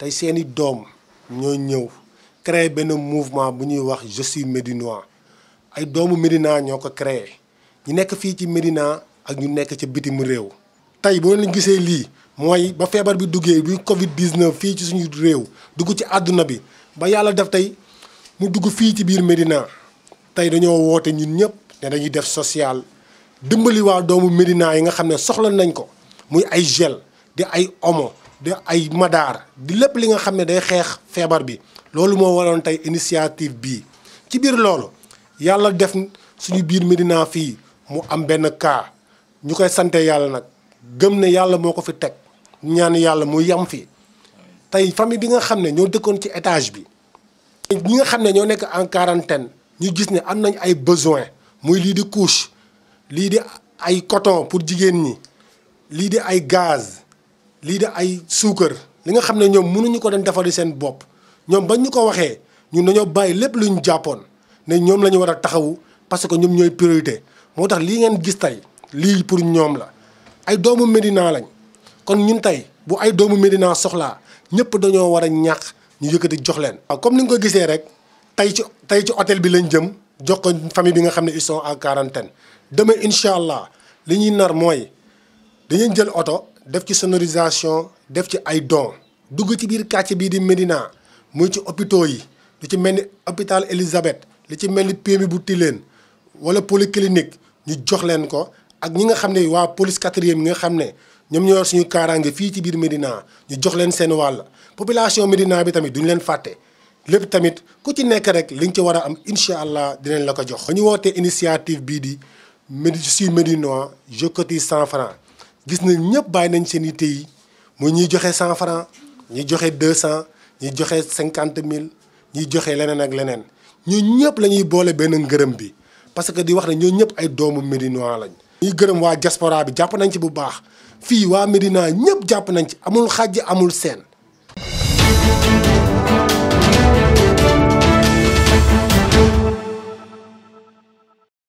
tey seeni doom ñoo ñëw créer benn mouvement bu ñuy wax je suis ay doomu Médina ñoo ko créer ñu nekk fii ci Médina ak ñu nekk ca bitim réew. tey boo leen gisee lii mooy ba feebar bi duggee bi Covid 19 fii ci suñu réew dugg ci àdduna bi ba yàlla def tey mu dugg fii ci biir Médina tey dañoo woote ñun ñëpp ne dañuy def sociale dimbali doomu Médina yi nga xam ne soxla nañ ko muy ay gel di ay omo. de ay madaar di lépp li nga xam ne day xeex feebar bi loolu moo waroon tey initiative bii ci biir loolu yàlla def suñu biir Médina fii mu am benn cas ñu koy sante yàlla nag gëm ne yàlla moo ko fi teg ñaan yàlla mu yam fi tey famille bi nga xam ne ñoo dëkkoon ci étage bi ñi nga xam ne ñoo nekk en quarantaine ñu gis ne am nañ ay besoin muy lii di couche lii di ay coton pour jigéen ñi lii di ay gaz lii de ay suukar li nga xam ne ñoom munuñu ko doon defari seen bopp ñoom bañ ñu ko waxee ñun dañoo bàyyi lépp lu ñu jàppoon ne ñoom la ñu war a taxawu parce que ñoom ñooy priorité moo tax lii ngeen gis tey lii pour ñoom la ay doomu Médina lañ kon ñun tey bu ay doomu Médina soxlaa ñëpp dañoo war a ñàq ñu yëkkati jox leen. waaw comme ni nga ko gisee rek tey ci tey ci hôtel bi lañ jëm jox ko famille bi nga xam ne ils sont en quarantaine demain incha allah li ñuy nar mooy dañuy jël oto. def ci sonorisation def ci ay dons dugg ci biir quartier bii di Médina muy ci hôpitaux yi lu ci mel ni hôpital Elisabeth li ci mel ni PMI bu Tilène wala polyclinique ñu jox leen ko ak ñi nga xam ne waa police quatrième yi nga xam ne ñoom ñoo yor suñu kaaraange fii ci biir Médina ñu jox leen seen wàll population Médina bi tamit duñu leen fàtte lépp tamit ku ci nekk rek li nga ci war a am incha allah dinañ la ko jox. ba ñu wootee initiative bii di Médi je suis médinois je cotise 100 francs gis nañ ñëpp bàyyi nañ seen yitte yi muy ñuy joxe cent franc ñuy joxe deux cent ñuy joxe cinquante mille ñuy joxe leneen ak leneen ñoo ñëpp la ñuy boole benn ngërëm bi parce que di wax ne ñoo ñëpp ay doomu Médinois lañ. ñuy gërëm waa diaspora bi jàpp nañ ci bu baax fii waa Médina ñëpp jàpp nañ ci amul xàjj amul seen.